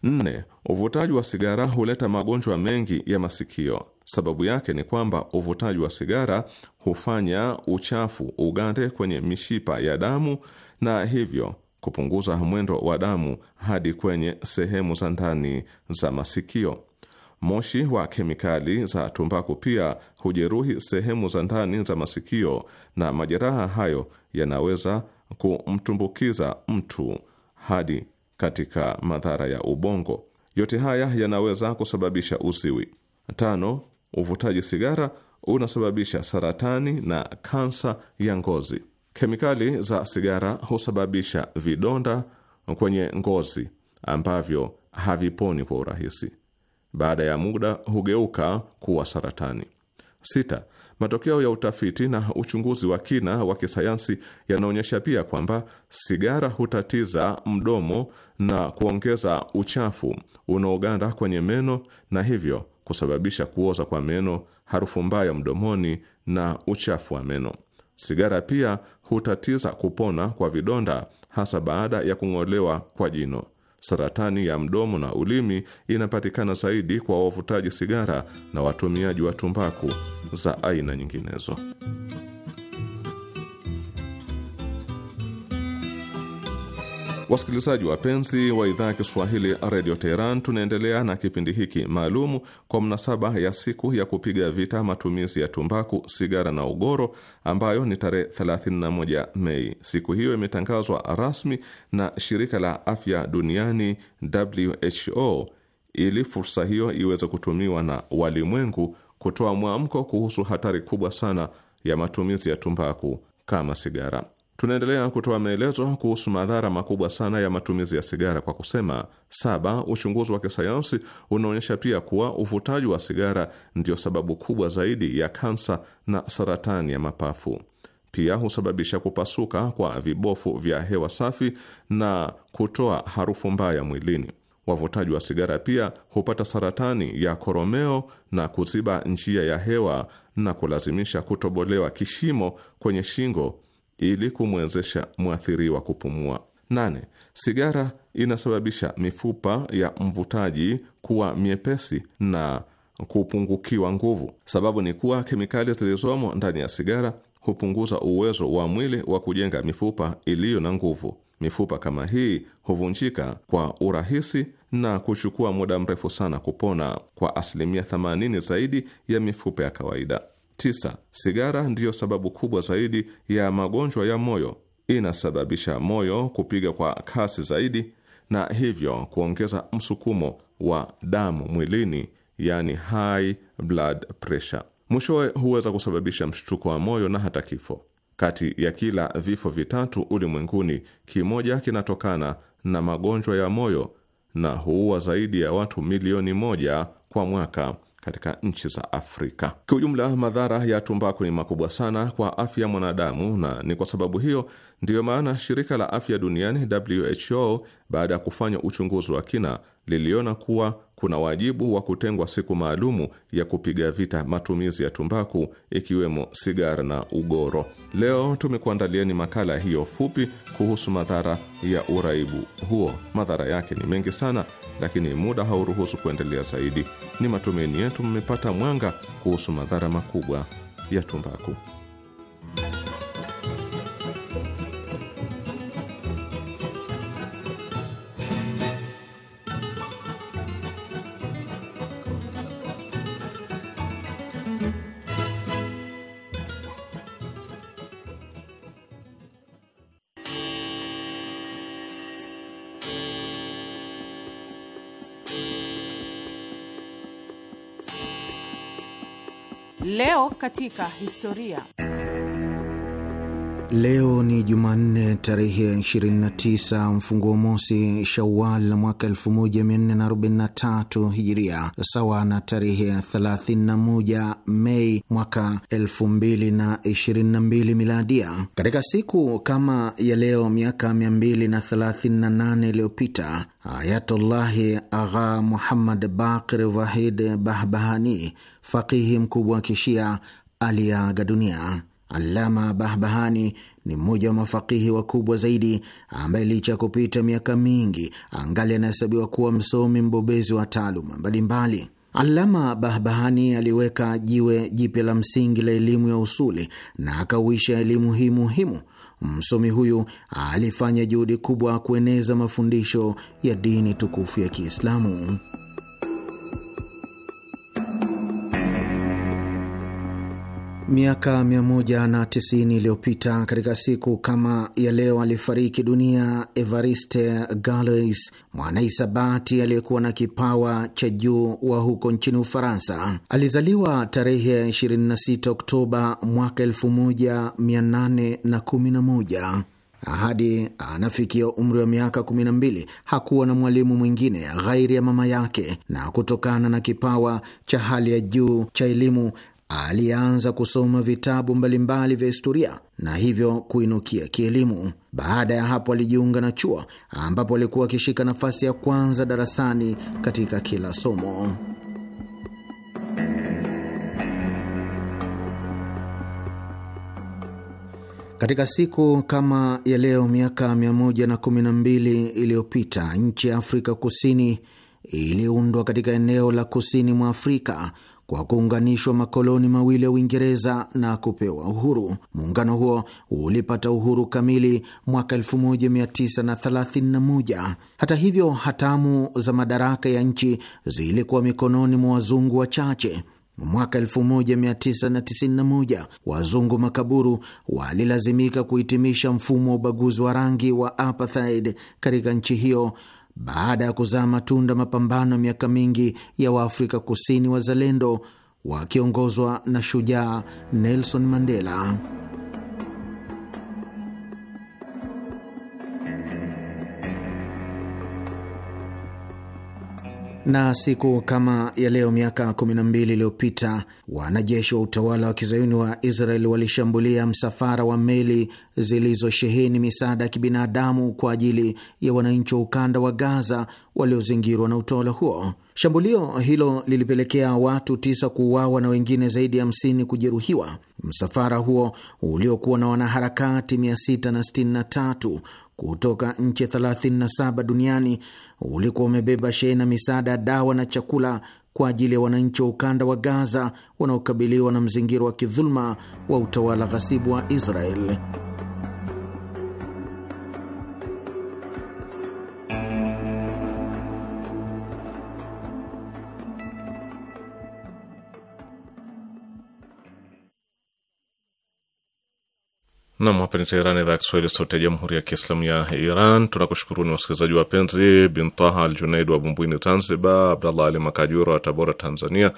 Nne, uvutaji wa sigara huleta magonjwa mengi ya masikio. Sababu yake ni kwamba uvutaji wa sigara hufanya uchafu ugande kwenye mishipa ya damu na hivyo kupunguza mwendo wa damu hadi kwenye sehemu za ndani za masikio. Moshi wa kemikali za tumbaku pia hujeruhi sehemu za ndani za masikio, na majeraha hayo yanaweza kumtumbukiza mtu hadi katika madhara ya ubongo. Yote haya yanaweza kusababisha uziwi. Tano, uvutaji sigara unasababisha saratani na kansa ya ngozi. Kemikali za sigara husababisha vidonda kwenye ngozi ambavyo haviponi kwa urahisi. Baada ya muda hugeuka kuwa saratani. Sita, matokeo ya utafiti na uchunguzi wa kina wa kisayansi yanaonyesha pia kwamba sigara hutatiza mdomo na kuongeza uchafu unaoganda kwenye meno na hivyo kusababisha kuoza kwa meno, harufu mbaya mdomoni na uchafu wa meno. Sigara pia hutatiza kupona kwa vidonda, hasa baada ya kung'olewa kwa jino. Saratani ya mdomo na ulimi inapatikana zaidi kwa wavutaji sigara na watumiaji wa tumbaku za aina nyinginezo. Wasikilizaji wapenzi wa idhaa ya Kiswahili redio Teheran, tunaendelea na kipindi hiki maalumu kwa mnasaba ya siku ya kupiga vita matumizi ya tumbaku, sigara na ugoro, ambayo ni tarehe 31 Mei. Siku hiyo imetangazwa rasmi na shirika la afya duniani WHO ili fursa hiyo iweze kutumiwa na walimwengu kutoa mwamko kuhusu hatari kubwa sana ya matumizi ya tumbaku kama sigara. Tunaendelea kutoa maelezo kuhusu madhara makubwa sana ya matumizi ya sigara kwa kusema, saba, uchunguzi wa kisayansi unaonyesha pia kuwa uvutaji wa sigara ndiyo sababu kubwa zaidi ya kansa na saratani ya mapafu. Pia husababisha kupasuka kwa vibofu vya hewa safi na kutoa harufu mbaya mwilini. Wavutaji wa sigara pia hupata saratani ya koromeo na kuziba njia ya hewa na kulazimisha kutobolewa kishimo kwenye shingo ili kumwezesha mwathiriwa kupumua. Nane, sigara inasababisha mifupa ya mvutaji kuwa miepesi na kupungukiwa nguvu. Sababu ni kuwa kemikali zilizomo ndani ya sigara hupunguza uwezo wa mwili wa kujenga mifupa iliyo na nguvu. Mifupa kama hii huvunjika kwa urahisi na kuchukua muda mrefu sana kupona kwa asilimia 80 zaidi ya mifupa ya kawaida. Tisa, sigara ndiyo sababu kubwa zaidi ya magonjwa ya moyo. Inasababisha moyo kupiga kwa kasi zaidi na hivyo kuongeza msukumo wa damu mwilini, yani high blood pressure. Mwishowe huweza kusababisha mshtuko wa moyo na hata kifo. Kati ya kila vifo vitatu ulimwenguni, kimoja kinatokana na magonjwa ya moyo na huua zaidi ya watu milioni moja kwa mwaka katika nchi za Afrika. Kiujumla, madhara ya tumbaku ni makubwa sana kwa afya ya mwanadamu, na ni kwa sababu hiyo ndiyo maana shirika la afya duniani WHO, baada ya kufanya uchunguzi wa kina, liliona kuwa kuna wajibu wa kutengwa siku maalumu ya kupiga vita matumizi ya tumbaku ikiwemo sigara na ugoro. Leo tumekuandalieni makala hiyo fupi kuhusu madhara ya uraibu huo. Madhara yake ni mengi sana, lakini muda hauruhusu kuendelea zaidi. Ni matumaini yetu mmepata mwanga kuhusu madhara makubwa ya tumbaku. katika historia. Leo ni Jumanne tarehe 29 mfunguo mosi Shawal mwaka 1443 Hijiria, sawa na tarehe 31 Mei mwaka 2022 Miladia. Katika siku kama ya leo miaka 238 iliyopita Ayatullahi Agha Muhammad Baqir Wahid Bahbahani, fakihi mkubwa wa Kishia aliaga dunia. Alama Bahbahani ni mmoja wa mafakihi wakubwa zaidi ambaye licha ya kupita miaka mingi angali anahesabiwa kuwa msomi mbobezi wa taaluma mbalimbali. Alama Bahbahani aliweka jiwe jipya la msingi la elimu ya usuli na akauisha elimu hii muhimu. Msomi huyu alifanya juhudi kubwa kueneza mafundisho ya dini tukufu ya Kiislamu. Miaka 190 iliyopita katika siku kama ya leo alifariki dunia Evariste Galois, mwanahisabati aliyekuwa na kipawa cha juu wa huko nchini Ufaransa. Alizaliwa tarehe 26 Oktoba mwaka 1811. Hadi anafikia umri wa miaka 12 hakuwa na mwalimu mwingine ghairi ya mama yake, na kutokana na kipawa cha hali ya juu cha elimu alianza kusoma vitabu mbalimbali vya historia na hivyo kuinukia kielimu. Baada ya hapo, alijiunga na chuo ambapo alikuwa akishika nafasi ya kwanza darasani katika kila somo. Katika siku kama ya leo miaka 112 iliyopita nchi ya Afrika Kusini iliundwa katika eneo la kusini mwa Afrika kwa kuunganishwa makoloni mawili ya Uingereza na kupewa uhuru. Muungano huo ulipata uhuru kamili mwaka 1931. Hata hivyo, hatamu za madaraka ya nchi zilikuwa mikononi mwa wazungu wachache. Mwaka 1991 wazungu makaburu walilazimika kuhitimisha mfumo wa ubaguzi wa rangi wa apartheid katika nchi hiyo baada ya kuzaa matunda mapambano ya miaka mingi ya Waafrika Kusini wazalendo wakiongozwa na shujaa Nelson Mandela. na siku kama ya leo miaka 12 iliyopita wanajeshi wa utawala wa kizayuni wa Israel walishambulia msafara wa meli zilizosheheni misaada ya kibinadamu kwa ajili ya wananchi wa ukanda wa Gaza waliozingirwa na utawala huo. Shambulio hilo lilipelekea watu tisa kuuawa na wengine zaidi ya 50 kujeruhiwa. Msafara huo uliokuwa na wanaharakati 663 kutoka nchi 37 duniani ulikuwa umebeba shehena misaada ya dawa na chakula kwa ajili ya wananchi wa ukanda wa Gaza wanaokabiliwa na mzingiro wa kidhuluma wa utawala ghasibu wa Israeli. Nam hapa ni idhaa ya Kiswahili, sauti ya jamhuri ya kiislamu ya Iran. Tunakushukuruni wasikilizaji wapenzi: Taha al Junaid wa Bumbwini, Zanzibar; Abdallah Ali Makajura wa Tabora, Tanzania;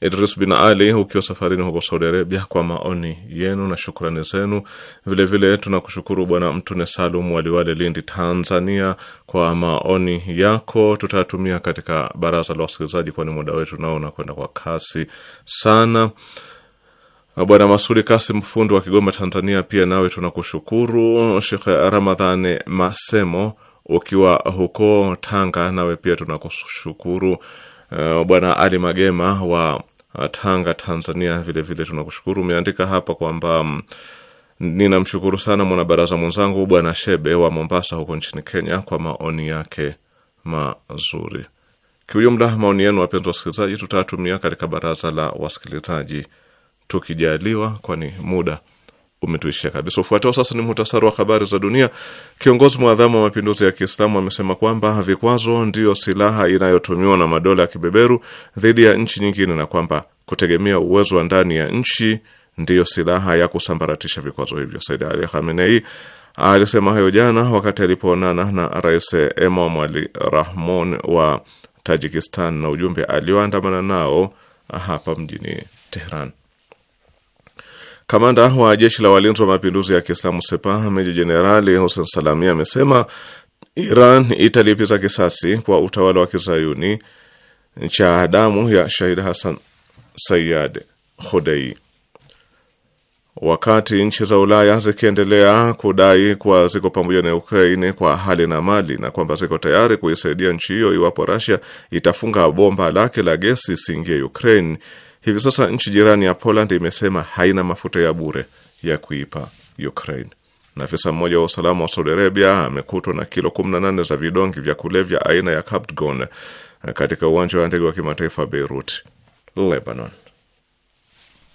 Idris bin Ali ukiwa safarini huko Saudi Arabia, kwa maoni yenu na shukrani zenu. Vilevile tunakushukuru Bwana Mtune Salum Waliwale, Lindi, Tanzania, kwa maoni yako. Tutayatumia katika baraza la wasikilizaji, kwani muda wetu nao unakwenda kwa kasi sana. Bwana Masudi Kasim, fundi wa Kigoma, Tanzania, pia nawe tunakushukuru. Shekhe Ramadhani Masemo, ukiwa huko Tanga, nawe pia tunakushukuru. Eh, Bwana Ali Magema wa eh, Tanga, Tanzania, vilevile vile tunakushukuru. Umeandika hapa kwamba mm, ninamshukuru sana mwanabaraza mwenzangu Bwana Shebe wa Mombasa huko nchini Kenya kwa maoni yake mazuri. Kiujumla, maoni yenu wapenzi wasikilizaji, tutatumia katika baraza la wasikilizaji tukijaliwa, kwani muda umetuishia kabisa. Ufuatao sasa ni muhtasari wa habari za dunia. Kiongozi mwadhamu wa mapinduzi ya Kiislamu amesema kwamba vikwazo ndiyo silaha inayotumiwa na madola ya kibeberu dhidi ya nchi nyingine na kwamba kutegemea uwezo wa ndani ya nchi ndiyo silaha ya kusambaratisha vikwazo hivyo. Said Ali Khamenei alisema hayo jana wakati alipoonana na Rais Ali Rahmon wa Tajikistan na ujumbe alioandamana nao hapa mjini Tehran. Kamanda wa jeshi la walinzi wa mapinduzi ya Kiislamu Sepah, meja jenerali Hussein Salami amesema Iran italipiza kisasi kwa utawala wa kizayuni cha damu ya shahid Hassan Sayyad Khudei. Wakati nchi za Ulaya zikiendelea kudai kuwa ziko pamoja na Ukraine kwa hali na mali na kwamba ziko tayari kuisaidia nchi hiyo iwapo Russia itafunga bomba lake la gesi siingie Ukraine, Hivi sasa nchi jirani ya Poland imesema haina mafuta ya bure ya kuipa Ukraine. Na afisa mmoja wa usalama wa Saudi Arabia amekutwa na kilo 18 za vidongi vya kulevya aina ya Captagon katika uwanja wa ndege wa kimataifa Beirut, Lebanon.